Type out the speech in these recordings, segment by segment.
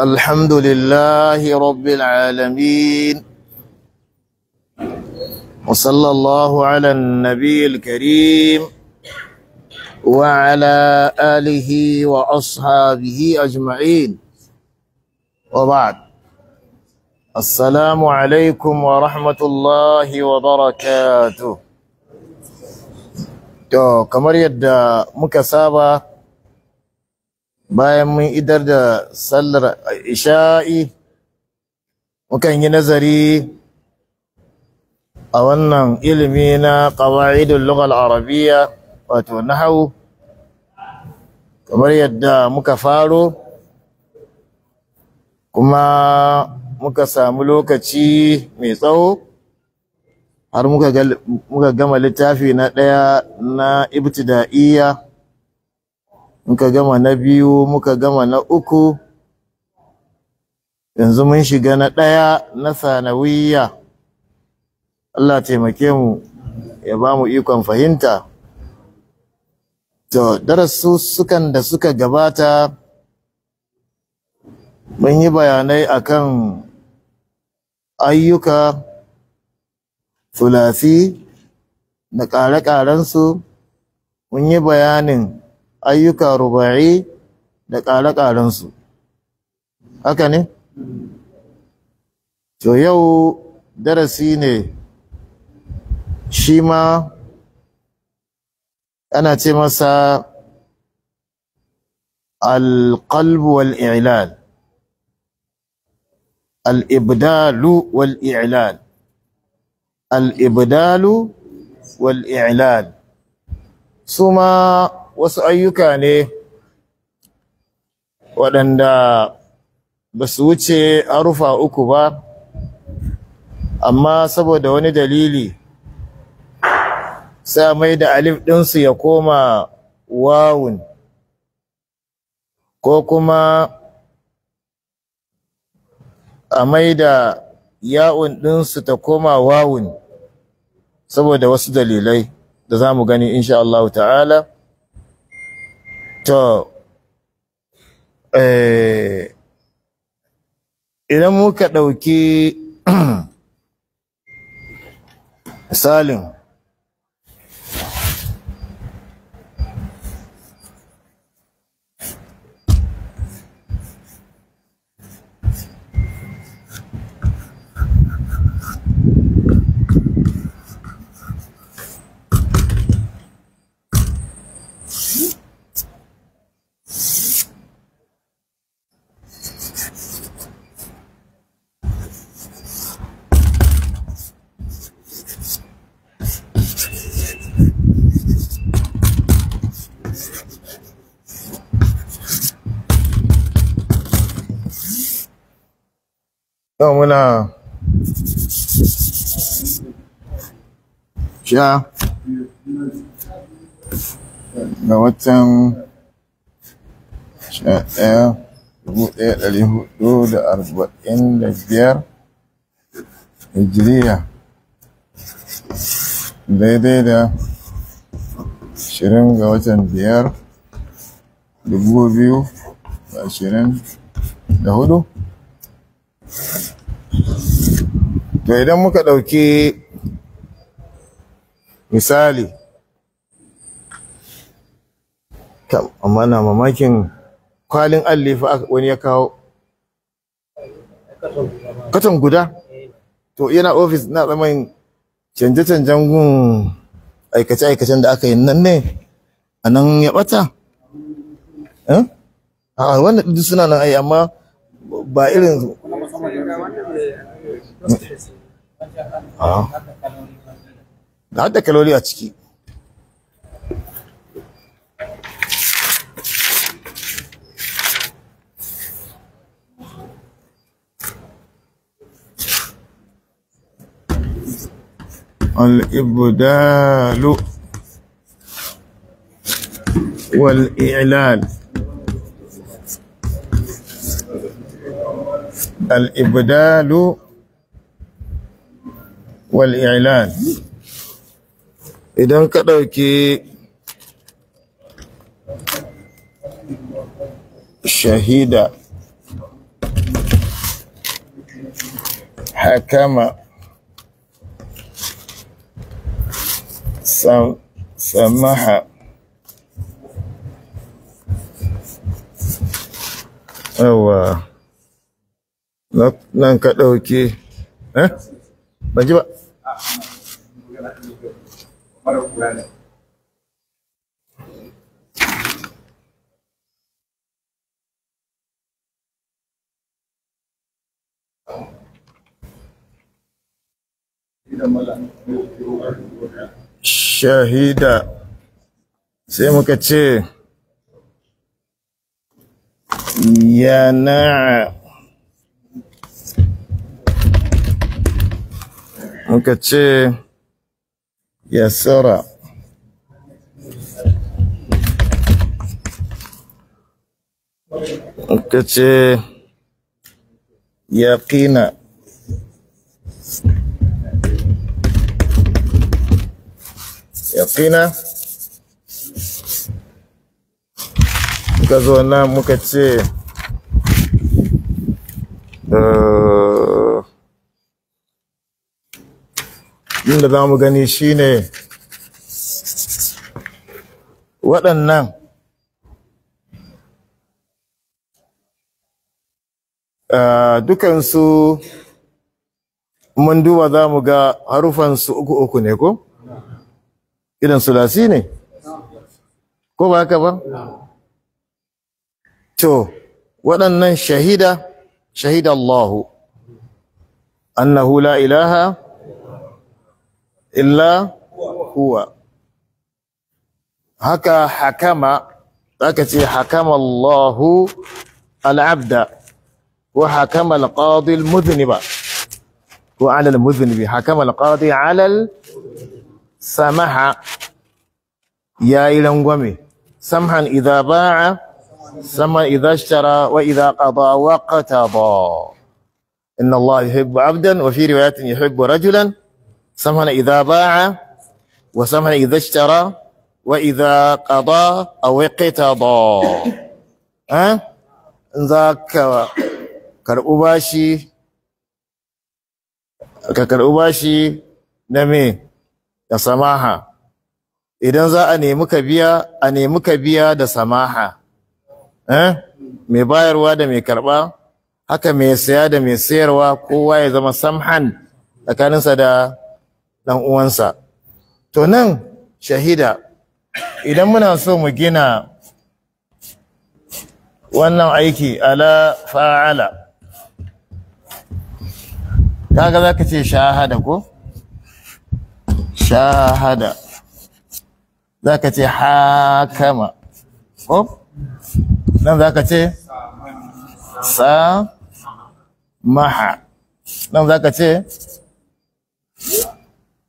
الحمد لله رب العالمين وصلى الله على النبي الكريم وعلى آله وأصحابه أجمعين وبعد السلام عليكم ورحمة الله وبركاته to مكسابة bayan mun idar da sallar isha'i mukan yi nazari a wannan ilimi na ƙawa'idun lugal arabiya wato hau kamar yadda muka faro kuma muka samu lokaci mai tsawo har muka gama littafi na ɗaya na ibtida'iyya muka gama na biyu muka gama na uku yanzu mun shiga na ɗaya na sanawiyya Allah taimake mu ya ba mu ikon fahimta to sukan da suka gabata mun yi bayanai akan ayyuka sulasi na ƙare-ƙarensu mun yi bayanin ayyuka ruba'i da ƙare haka ne? to yau darasi ne shi ma ana ce masa alƙalbu wal'ilal al'ibdalu wal'ilal al'ibdalu wal'ilal su ma wasu ayyuka ne waɗanda ba su wuce harufa uku ba amma saboda wani dalili sai mai da alif ɗinsu ya koma wawun ko kuma a mai da ya'un ɗinsu ta koma wawun saboda wasu dalilai da za mu gani insha Allah ta'ala To, eh, idan muka ɗauki salin sha ga watan ɗaya ɗari hudu da arba'in da biyar hijiriya daidai da ashirin ga watan biyar dubu biyu da ashirin da hudu to idan muka ɗauki misali amma na mamakin kwalin allifa wani ya kawo katon guda to yana ofis na tsamayin canje-canjen gun aikace-aikacen da aka yi nan ne a nan ya bata eh? a wannan duk suna nan ai amma ba irin da hadda kaloli a ciki الإبدال والإعلان الإبدال والإعلان Idan eh, ka ɗauki shahida hakama sam samaha yawa nan ka ɗauki eh? ba ji ba para o ne shahida sai muka ce yana muka ce يسر kace yaqina yaqina muka zo nan muka ce uh, inda za mu gani shine waɗannan ah, dukansu mun duba za mu ga harufansu uku uku ne ko? idan sulasi ne ko ba haka ba to waɗannan shahida shahida Allahu annahu la ilaha إلا هو هكا حكم هكا حكم الله العبد وحكم القاضي المذنب وعلى المذنب حكم القاضي على السمح يا إلى سمحا إذا باع سمحا إذا اشترى وإذا قضى وقتضى إن الله يحب عبدا وفي رواية يحب رجلا ثمن إذا باع وثمن إذا اشترى وإذا قضى أو اقتضى ها ذاك za ka karɓi bashi na me da samaha idan za a nemi ka biya a nemi ka biya da samaha eh mai bayarwa da mai karɓa haka mai saya da mai sayarwa kowa ya zama samhan tsakaninsa da dan uwansa to nan shahida idan muna so mu gina wannan aiki ala fa'ala kaga zaka ce shahada ko shahada zaka ce hakama ko nan zaka ce sa maha nan zaka ce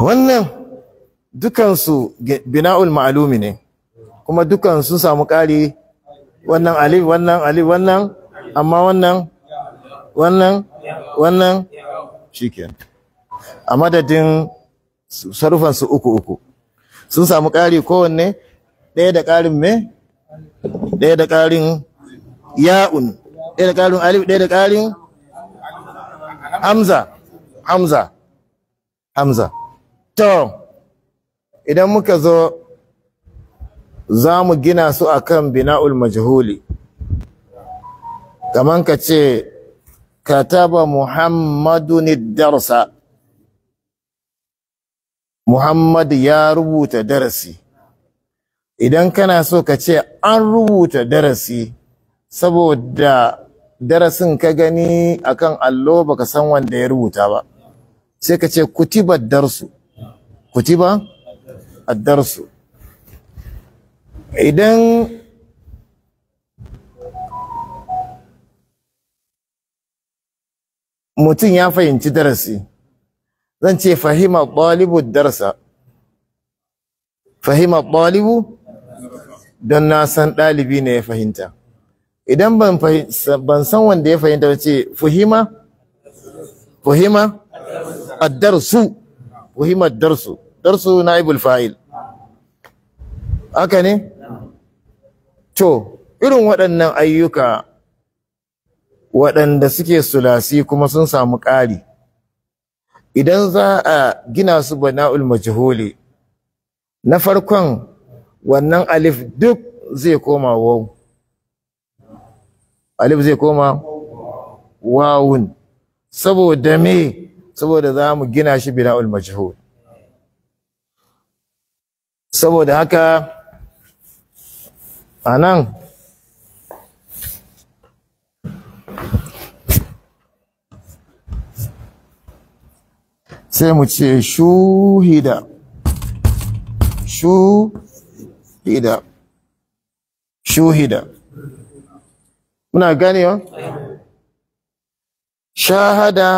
wannan dukansu bina'ul ma'alumi ne kuma dukan sun samu ƙari wannan alif wannan alif wannan amma wannan wannan wannan shiken a madadin sarufansu uku uku sun samu ƙari kowanne ɗaya da ƙarin me ɗaya da ƙarin ya'un ɗaya da ƙarin alif ɗaya da ƙarin hamza hamza hamza to idan muka zo za mu gina su akan bina'ul majhuli kaman ka ce kataba muhammadun darsa Muhammadu ya rubuta darasi idan kana so ka ce an rubuta darasi saboda darasin ka gani akan allo baka san wanda ya rubuta ba sai ka ce kutibar darsu kutiba addarsu idan mutum ya fahimci darasi zan ce fahima ɗalibu darsa fahima ɗalibu don na san ɗalibi ne ya fahimta idan ban san wanda ya fahimta ce fahima fahima addarsu fahima darsu darsu naibul fa'il haka ne to irin waɗannan ayyuka waɗanda suke sulasi kuma sun samu ƙari idan za a gina su na’ul majihuli, na farkon wannan alif duk zai koma alif zai koma wawun saboda me saboda za mu gina shi bina'ul majihuli. saboda haka a nan sai mu ce shuhida shuhida shuhida muna ganewa shahada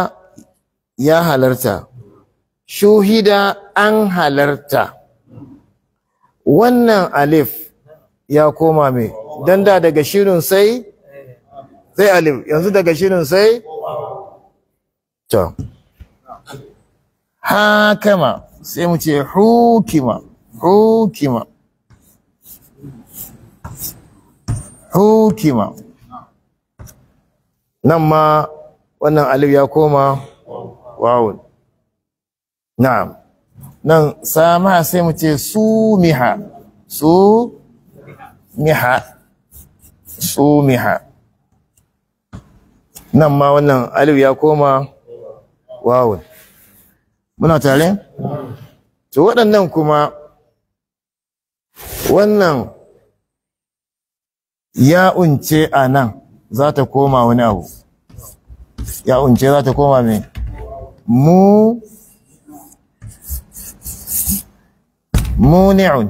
ya halarta shuhida an halarta wannan alif ya koma me don da daga shirin sai sai alif yanzu daga shirin sai to hakama sai mu ce hukima hukima hukima nan ma wannan alif ya koma wawun na'am nan sama sai mu ce su miha su miha su miha nan ma wannan alif ya koma wawu muna tare to waɗannan kuma wannan ya unce a nan za ta koma wani abu ya unce za ta koma mai mu muni'un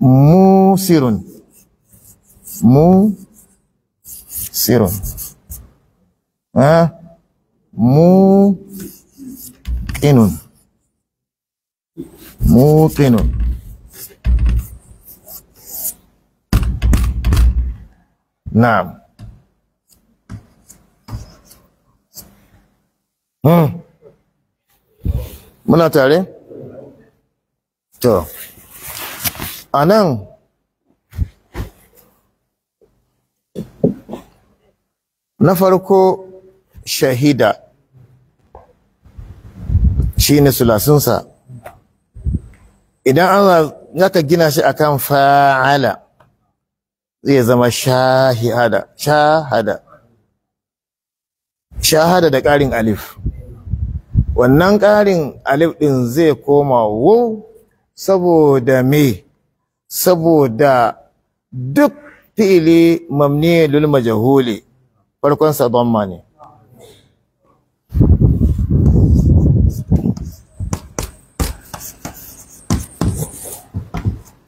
musirun musirun ha mu inun muna tare to anan na farko shahida shi ne sulasunsa idan an zaka gina shi akan fa'ala zai zama shahada shahada shahada da ƙarin alif wannan ƙarin alif ɗin zai koma wu saboda me saboda duk fi'ili mamni lulma jahuli farkon sa mani ne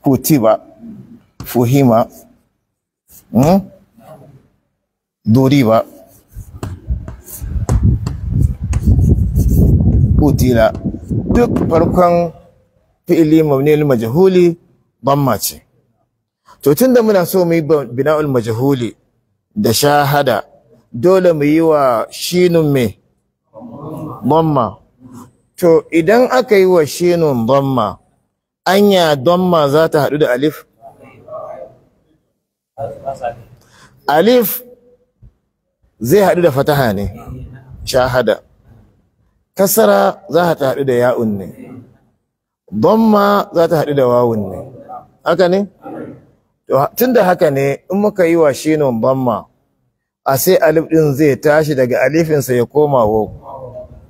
kutiba fuhima hmm? duriba utila duk farkon fi'ili mabniyul majhuli damma ce to da muna so mu yi bina'ul majhuli da shahada dole mu yi wa shinun me damma to idan aka yi wa shinun damma anya damma za ta haɗu da alif alif zai haɗu da fataha ne shahada kasara za ta haɗu da ya'un ne Bamma za ta haɗu da wawun ne haka ne tunda haka ne in muka yi wa nun bamma. a sai alif ɗin zai tashi daga alifinsa ya koma wo,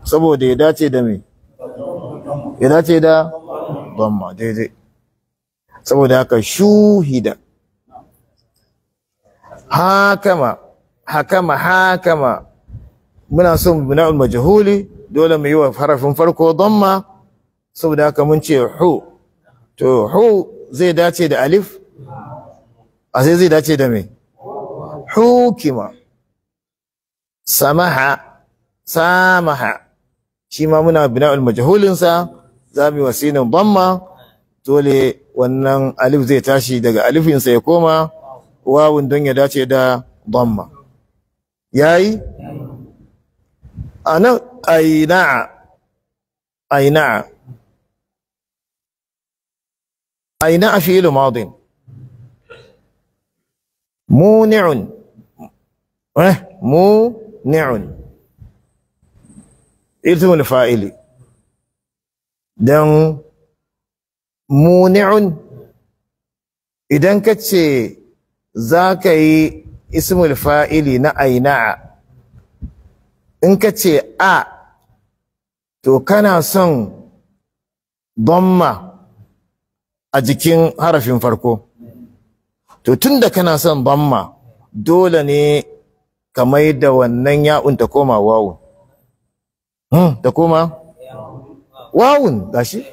saboda ya dace da mai, ya dace da bamma daidai saboda haka shuhida hakama hakama hakama muna son bina'ul majhuli dole mu yi wa harafin farko bamma. saboda haka mun ce hu to hu zai dace da alif a sai zai dace da me hukima samaha samaha shi ma muna bina'ul za mu yi wasinin bamma. dole wannan alif zai tashi daga alifinsa ya koma wawun don ya dace da bamma. yayi ana aina aina aina a fi'il madin muni'un idan ka ce yi ismul fa'ili na aina in kace a to kana son dhamma a jikin harafin farko to tunda kana son bamma dole ne ka mai da wannan ya'un ta koma wawun hmm, ta koma wawun gashi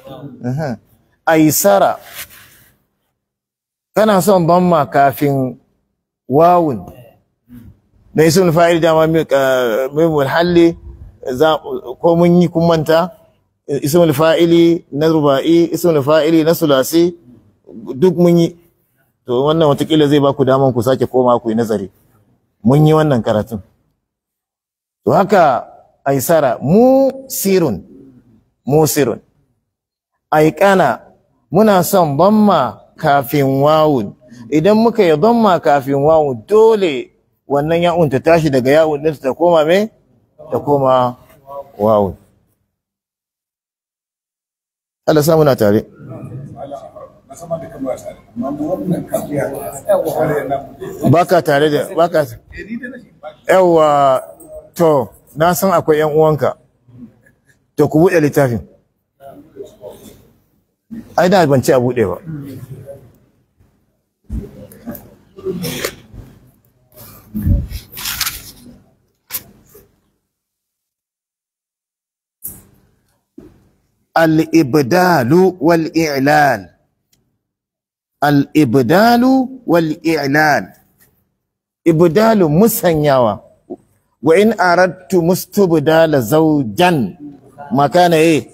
aisara kana son bamma kafin wawun na sun fa'il dama mai mulhalli ko mun yi kun manta ismul fa'ili na ruba'i ismul fa'ili na sulasi duk mun yi to wannan watakila zai baku daman ku sake koma ku yi nazari mun yi wannan karatun to haka aisara mu sirun mu sirun aikana muna son bamma kafin wawun idan muka yi bamma kafin wawun dole wannan ya'un ta tashi daga ya'un ta koma me ta koma wawun Allah samu na tare baka tare da yawa to na san akwai yan uwanka to ku buɗe littafin ai da ban ce a buɗe ba al-ibdalu wal i'lan al-ibdalu wal i'lan ibdalu musanyawa wa in aradtu mustubdala zawjan makana eh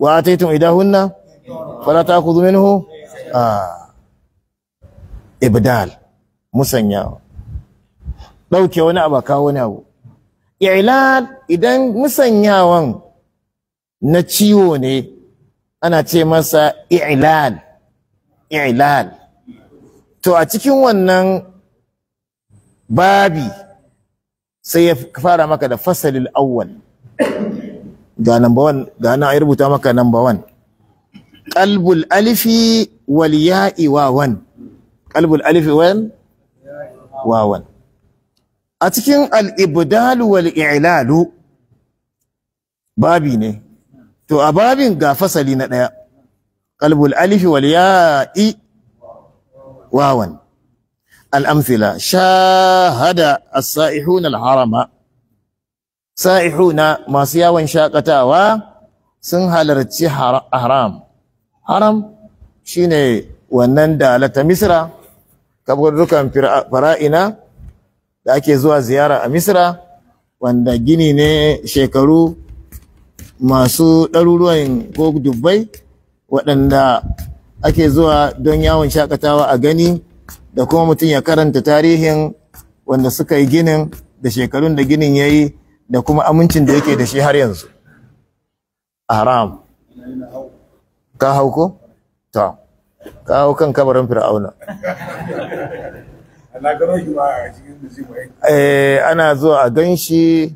wa ataytum idahunna fala ta'khudhu minhu ah ibdal musanyawa dauke wani abu kawo wani abu i'lan idan musanyawan na ciwo ne ana ce masa i'lal i'lal to a cikin wannan babi sai ya fara maka da fasalil awwal ga number 1 ga na ai rubuta maka number 1 qalbul alifi wal ya'i wa wan qalbul alifi wan wa wan a cikin al ibdal wal i'lal babi ne to a babin ga fasali na ɗaya ƙalbul alifi wal ya'i wawan al-amthila shahada as-sa'ihuna al-harama sa'ihuna masu yawon shakatawa sun halarci haram haram shine wannan dalata misra kaburrukan fara'ina da ake zuwa ziyara a misra wanda gini ne shekaru masu ɗaruruwan ko dubbai waɗanda ake zuwa don yawon shakatawa a gani da kuma mutum ya karanta tarihin wanda suka yi ginin da shekarun da ginin ya yi da kuma amincin da yake da shi har yanzu haram ka hau ko? ta ka hau kan kabarin fir'auna eh? Eh, ana zuwa a gan shi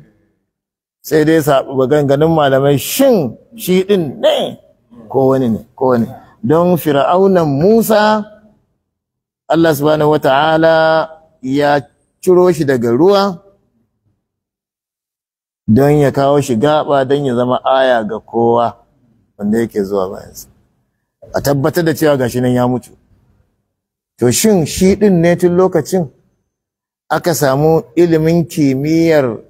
sai dai sabu ganganin malamai shin shi din ne ko wani ne ko wani don fir'aunan Musa Allah subhanahu wata'ala ya ciro shi daga ruwa don ya kawo shi gaba don ya zama aya ga kowa wanda yake zuwa bayansa a tabbatar da cewa gashi nan ya mutu to shin shi din ne tun lokacin aka samu ilimin kimiyyar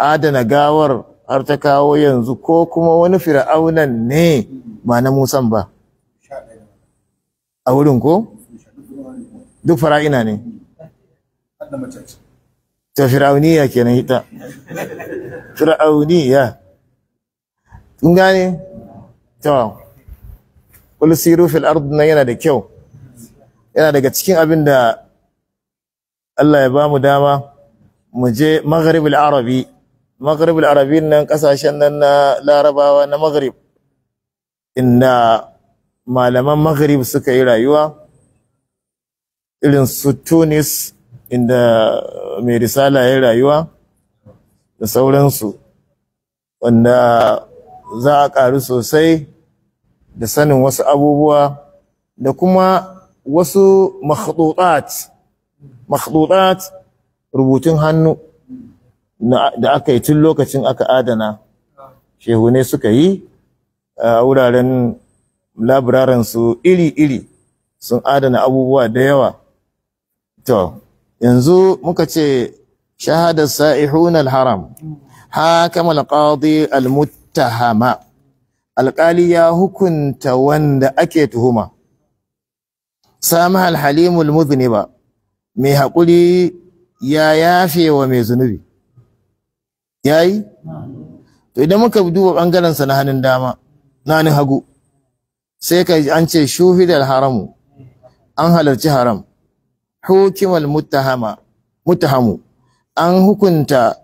adana gawar har ta kawo yanzu ko kuma wani fir'aunan ne ba na musan ba a wurin ko duk fara'ina ne ta fir'auniya kenan ita fir'auniya in gane Tawa. kul siru fil ard nan yana da kyau yana daga cikin abin da Allah ya ba mu dama mu je maghribul arabi maghribul arabi nan kasashen nan na larabawa na maghrib inda malaman maghrib suka yi rayuwa irin su tunis inda mai risala ya yi rayuwa da sauransu wanda za a ƙaru sosai da sanin wasu abubuwa da kuma wasu makhdudat makhdudat rubutun hannu da aka yi tun lokacin aka adana shehu ne suka yi a wuraren labararansu iri-iri sun adana abubuwa da yawa to yanzu muka ce shahadar sa'ihun al-haram kama al-qadi al-muttahama alƙali ya hukunta wanda ake tuhuma samah al-halimul ba, mai haƙuri ya yafe wa mai zunubi yayi to idan muka duba bangaren sa na hannun dama na hannun hagu sai ka an ce shuhidar haramu an halarci haram hukimal mutahamu. an hukunta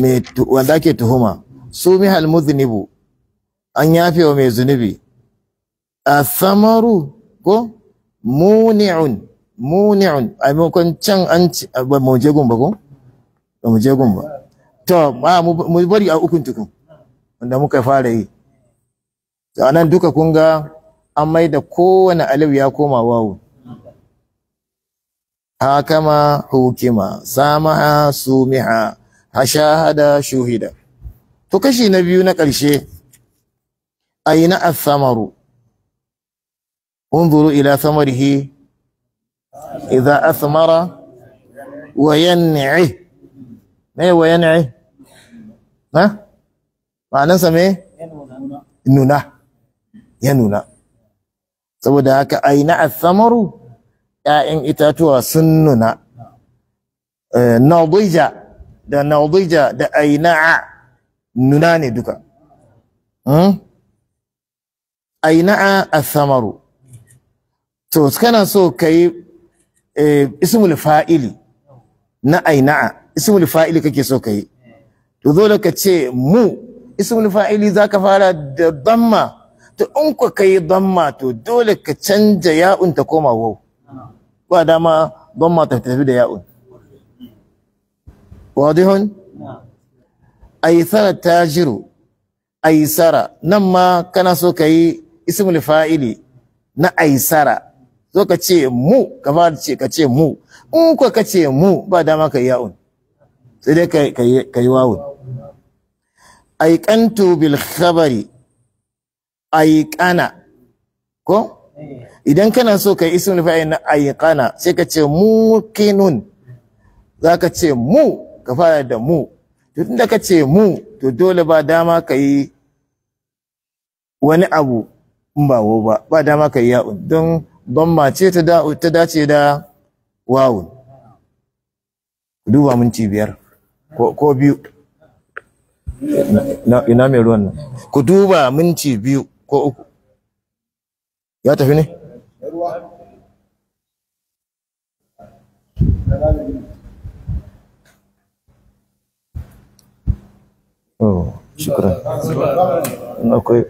mai wanda ake tuhuma sumihal muznibu an yafe wa mai zunubi A samaru ko muni'un muni'un ai maimakon can an ah, ba mu je gun ba ko ba mu je gun ba to mu bari a ukun tukun wanda muka fara yi to anan duka kun ga an mai da kowane alif ya koma wawu hakama hukima samaha sumiha hashahada shuhida to kashi na biyu na ƙarshe aina athamaru unzuru ila samarihi إذا أثمر وينعه ما هي وينعه ها معنى me? Nuna, ya nuna. saboda haka aina athamaru ƴaƴan itatuwa sun nuna nadija da nadija da aina nuna ne duka aina asamaru to kana so kai Eh, ismul fa'ili na aina'a ismul fa'ili kake so kai to dole ka ce mu ismul fa'ili zaka fara da damma to in ku kai damma to dole ka canja ya'un ta koma wau ba dama damma ta tafi da ya'un wadihun aisara tajiru aisara nan ma kana so kai ismul fa'ili na aisara zo ka ce mu ka fara ce ka ce mu in ko ka ce mu ba dama ka yi ya'un sai dai ka yi wawun aikantu bil khabari aikana ko idan kana so ka yi ismin fa'il na aikana sai ka ce mu Za zaka ce mu ka fara da mu to tunda ka ce mu to dole ba dama ka yi wani abu in ba ba ba dama ka yi ya'un don dhamma ce ta dace da wawu. duba minti biyar ko biyu ina mai ruwan nan ku duba minti biyu ko uku ya tafi ne Oh, shukran. Akwai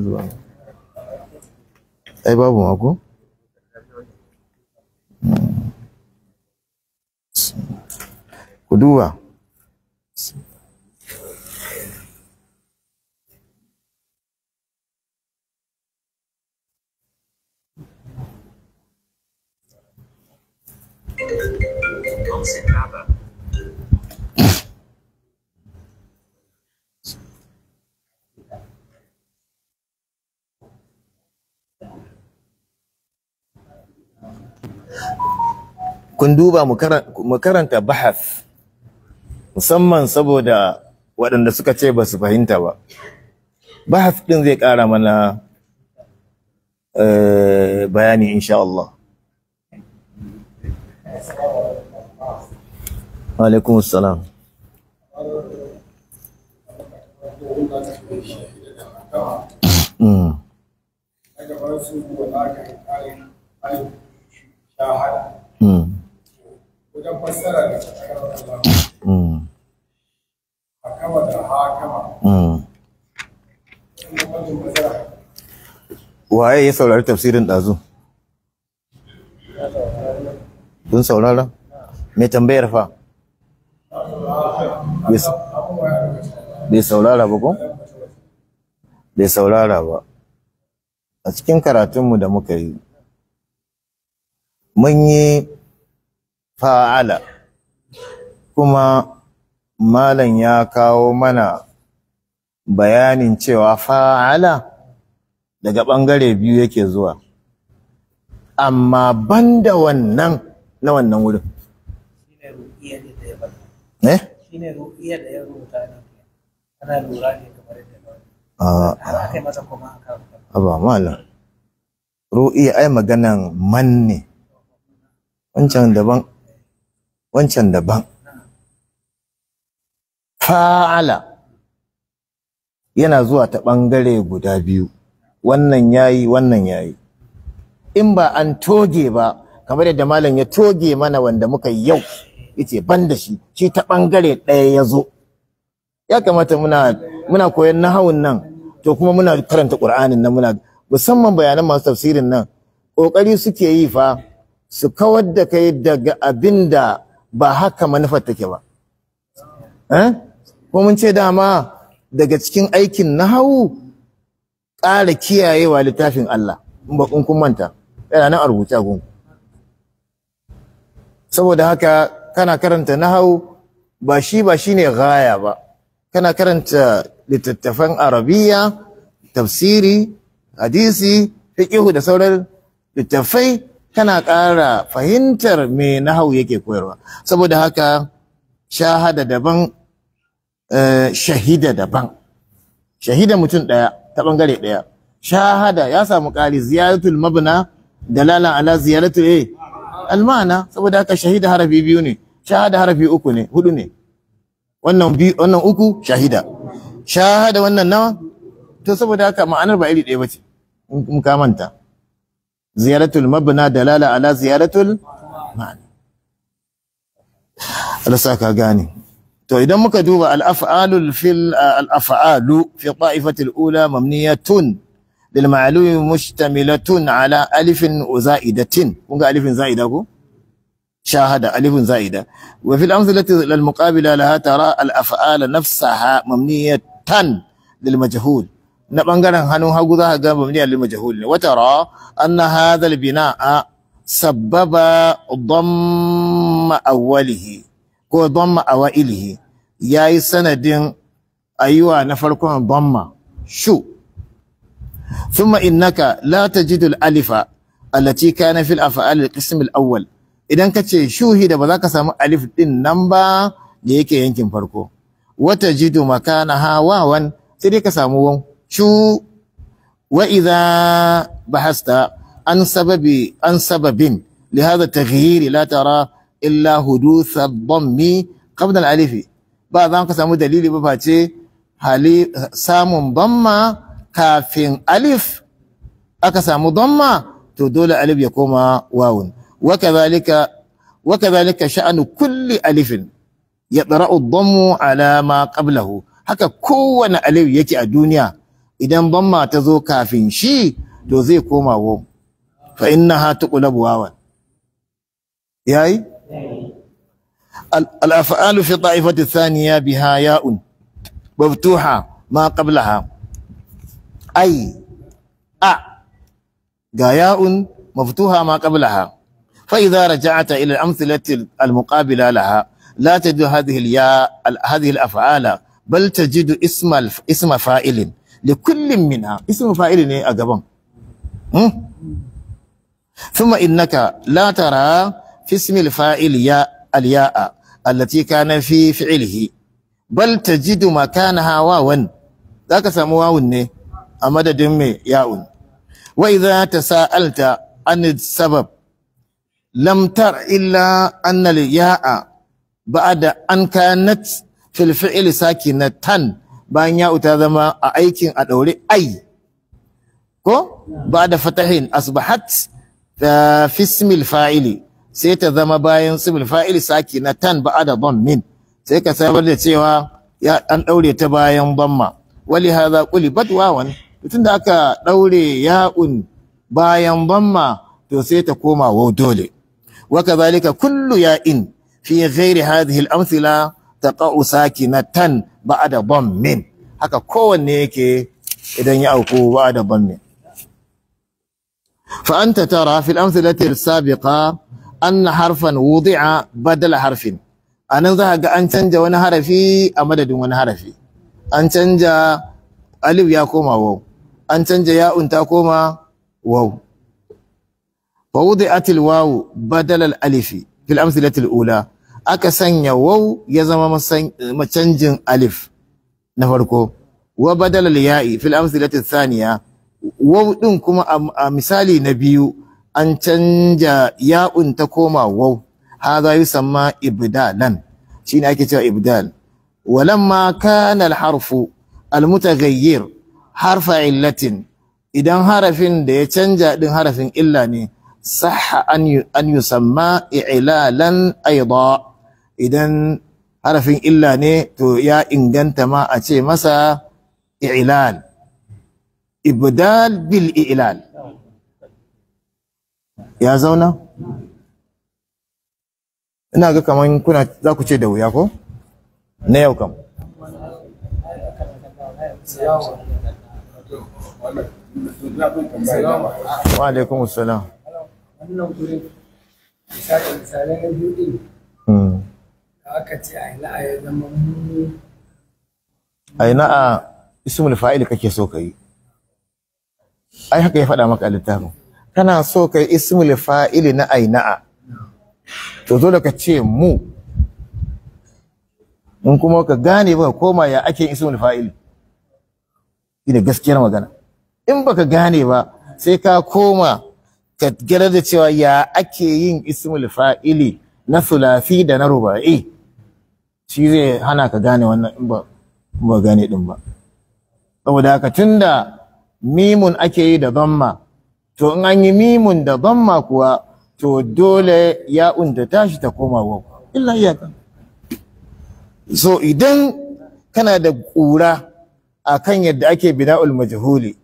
zuwa. Ai babu mako? ku duba kun duba mu karanta bahas musamman saboda waɗanda suka ce ba su fahimta ba ba ɗin zai ƙara mana eh, bayani insha Allah alaikum salam Mm. Mm. Hmm. waye ya saurari tafsirin ɗazu kun saurara mai tambayar fa bai saurara ba ko bai saurara ba a cikin karatunmu da muka yi mun yi fa'ala kuma malam ya kawo mana bayanin cewa fa'ala daga ɓangare biyu yake zuwa amma ban da wannan na wannan wurin ne? Eh? shine ru'iyar da ya rubuta ana lura ne kamar yadda ah, ah. masa kuma a kawo. aka malam ru'iya ai maganan manne, wancan daban wancan daban fa'ala yana zuwa ta ɓangare guda biyu wannan yayi wannan yayi in ba an toge ba kamar yadda malam ya toge mana wanda muka yi yau yace ban da shi shi ta ɓangare ɗaya ya zo ya kamata muna muna koyon nahawun nan to kuma muna karanta ƙur'anin nan muna musamman bayanan masu tafsirin nan ƙoƙari suke yi fa su kawar da kai daga abinda ba haka manufar take ba eh? ko mun ce dama daga cikin aikin hau ƙara kiyayewa littafin Allah in ba kun manta yana nan a rubuta gun saboda haka kana karanta hau ba shi ba shi ne gaya ba kana karanta littattafan arabiya tafsiri hadisi fiƙihu da sauran littafai. kana ƙara fahimtar me nahau yake koyarwa saboda haka shahada daban Eh, shahida daban shahida mutum ɗaya ta ɓangare ɗaya shahada ya samu ƙari ziyaratul mabna dalala ala ziyaratul eh almana saboda haka shahida harafi biyu ne shahada harafi uku ne hudu ne wannan bi wannan uku shahida shahada wannan nawa to saboda haka ma'anar ba iri ɗaya bace mun ka manta ziyaratul mabna dalala ala ziyaratul ma'ana Allah sa ka gane تو اذا مك دوبا الافعال في الافعال في الطائفه الاولى مبنيه للمعلوم مشتمله على الف وزائده كون الف زائده كو شاهد الف زائده وفي الامثله المقابله لها ترى الافعال نفسها مبنيه للمجهول نبانغان هانو هاغو زاغا مبنيه للمجهول وترى ان هذا البناء سبب ضم اوله كو ضم اوائله ya yi sanadin ayuwa na farkon dhamma shu thumma innaka la tajidu alifa allati kana fil af'al al-qism al-awwal idan kace shuhida ba za ka samu alif din nan ba da yake yankin farko wata jidu makanaha wawan sai dai ka samu wan shu wa idha bahasta an sababi an sababin لهذا التغيير latara illa إلا حدوث الضم قبل ba za ka samu dalili ba face hali samun bamma kafin alif aka samu bamma, to dole alif ya koma wawun wa kadhalika sha'anu kulli alifin ya ad-dammu ala ma haka kowane alif yake a duniya idan bamma ta zo kafin shi to zai koma wawun fa innaha tuqlabu wawan yayi الأفعال في الطائفة الثانية بها ياء مفتوحة ما قبلها أي أ ياء مفتوحة ما قبلها فإذا رجعت إلى الأمثلة المقابلة لها لا تجد هذه الياء هذه الأفعال بل تجد اسم اسم فاعل لكل منها اسم فاعل أجابا ثم إنك لا ترى في اسم الفاعل ياء الياء التي كان في فعله بل تجد مكانها واوا ذاك سمو واو ne a madadin me ya'un wa idza tasaalta an sabab lam illa anna al da ba'da an kanat fil fi'l sakinatan bayan ya'u ta zama a aikin a daure ai ko ba'da fatahin asbahat eh, fi fa'ili sai ta zama bayan sibil fa'il saki na tan ba'ada min sai ka sabar da cewa ya an daure ta bayan bamma wali hadha qulibat wawan tunda aka daure ya'un bayan bamma to sai ta koma waw dole wa kadhalika kullu ya'in fi ghairi hadhihi al-amthila taqa'u sakinatan ba'da min haka kowanne yake idan ya auku ba'da min fa anta tara fi al-amthilati as-sabiqa anna harfan wudi'a badala harfin anan za ga an canja wani harafi a madadin wani harafi an canja alif ya koma waw an canja ya'un ta koma waw fa wudi'atil waw badala al-alifi fil amthilati al-ula aka sanya waw ya zama macanjin alif na farko wa badala al-ya'i fil amthilati ath-thaniya waw din kuma a misali na biyu an canja ya'un ta koma waw hadha yusamma ibdalan shine ake cewa ibdal walamma kana harfu al-mutaghayyir harfa illatin idan harafin da ya canja din harafin illa ne sahha an an yusamma i'lalan aida idan harafin illa ne to ya inganta ma a ce masa i'lal ibdal bil i'lal ya zauna ina ga kaman kuna za ku ce da wuya ko na yau kam wa alaikum assalam aina hmm. a ya zama ismul fa'il kake so ka yi ai haka ya faɗa maka littafin kana so ka yi ismul fa'ili na aina'a to zo ka ce mu in kuma ka gane ba koma ya ake ismul fa'ili Ina gaskiyar magana in baka gane ba sai ka koma ka gara da cewa ya ake yin ismul fa'ili na sulafi da na ruba'i shi zai hana ka gane wannan in ba ba gane din ba saboda ka tunda mimun ake yi da zamma to in an yi mimun da ma kuwa to dole ya da tashi ta koma wa illa iyaka so idan kana da ƙura kan yadda ake bina'ul majhuli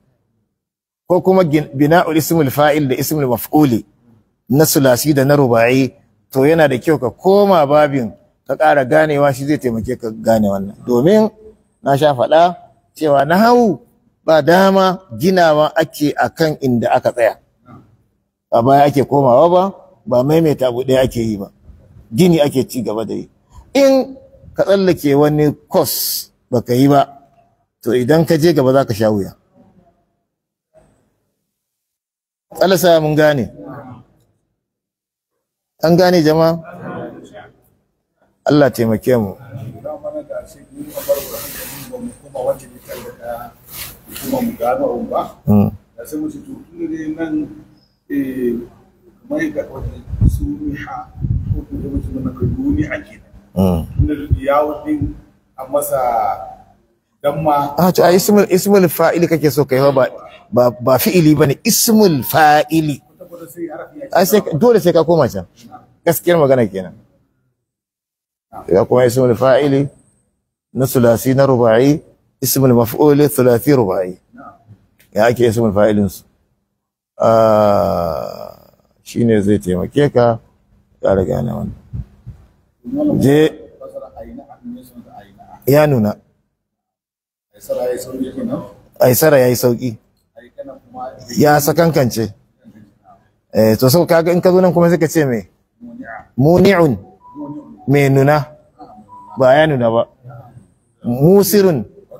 ko kuma bina'ul ismul fa'il da ismul maf'uli na sulasi da na ruba'i to yana da kyau ka koma babin ka ƙara ganewa shi zai taimake ka gane wannan domin na sha faɗa cewa na hau ba dama ginawa ake a kan inda aka tsaya ba baya ake komawa ba ba maimaita abu ɗaya ake yi ba gini ake ci gaba da yi in ka tsallake wani kwas baka yi ba to idan ka je gaba za ka sha wuya alasa mun gane an gane jama'a Allah taimake mu. kuma mu gano abun ba ya hmm. sai mu ce to tun da nan eh, kamar ga wani sumiha ko kuma da mutum na kaduni a ke hmm. tun da yawo din a masa damma a ah, to a ismul ismul fa'ili kake so kai ba ba ba fi'ili bane ismul fa'ili a sai dole sai ka koma can gaskiyar magana kenan ah. ya kuma ismul fa'ili na sulasi na ruba'i ismul maf'ul thulathi rubai ya ake ismul fa'ilin su shine zai taimake ka ka riga na wannan je ya nuna aisara yayi sauki ya sakankance eh to sau kaga in ka zo nan kuma sai ka ce me muni'un me nuna ba ya nuna ba musirun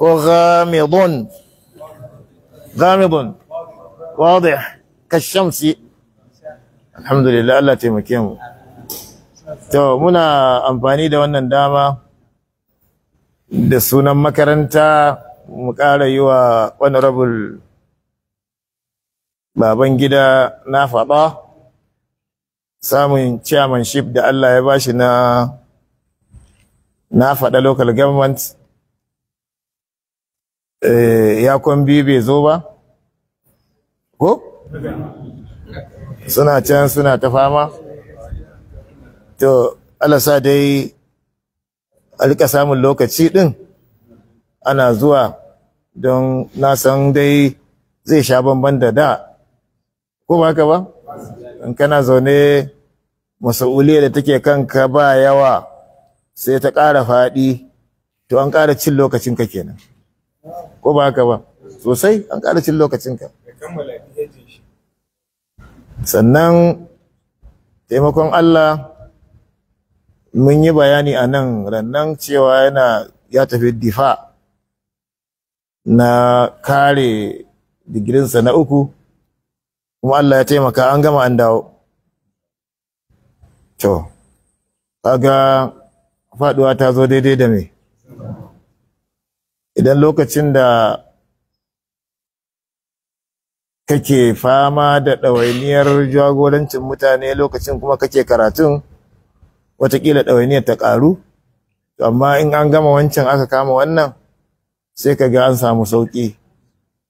وغامض غامض واضح كالشمس الحمد لله الله taimake mu to muna amfani da wannan dama da sunan makaranta mu ƙara yi wa honorable baban gida na faɗa samun chairmanship da Allah ya bashi na na faɗa local government Eh, ya biyu bai zo ba ko suna can suna ta fama to alasa dai alika samun lokaci ɗin? ana zuwa don nasan dai zai sha bamban da da ko ba ka ba in kana zaune masauliya da take kanka ba yawa sai ta ƙara faɗi to an ƙara cin lokacin ka kenan ko ba haka ba sosai an ƙara cin lokacinka sannan taimakon Allah mun yi bayani a nan rannan cewa yana ya tafi difa na kare digirinsa na uku kuma Allah ya taimaka an gama an dawo to kaga faduwa ta zo daidai da me idan lokacin da kake fama da ɗawainiyar jagorancin mutane lokacin kuma kake karatun watakila ɗawainiyar ta ƙaru amma in an gama wancan aka kama wannan sai ka ga an samu sauƙi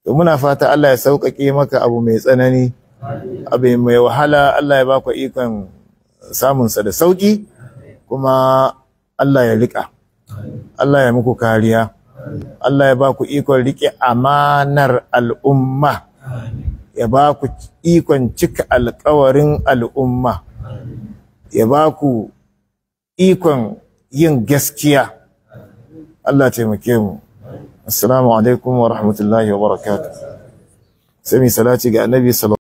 to muna fata Allah ya sauƙaƙe maka abu mai tsanani abu mai wahala Allah ya baka ikon samunsa da sauƙi kuma Allah ya riƙa Allah ya muku kariya Allah ya ba ku ikon riƙe amanar al'umma, ya ba ku ikon cika alkawarin al'umma, ya ba ku ikon yin gaskiya. Allah taimake mu. Assalamu alaikum wa rahmatullahi wa barakatuh. Sami salati ga annabi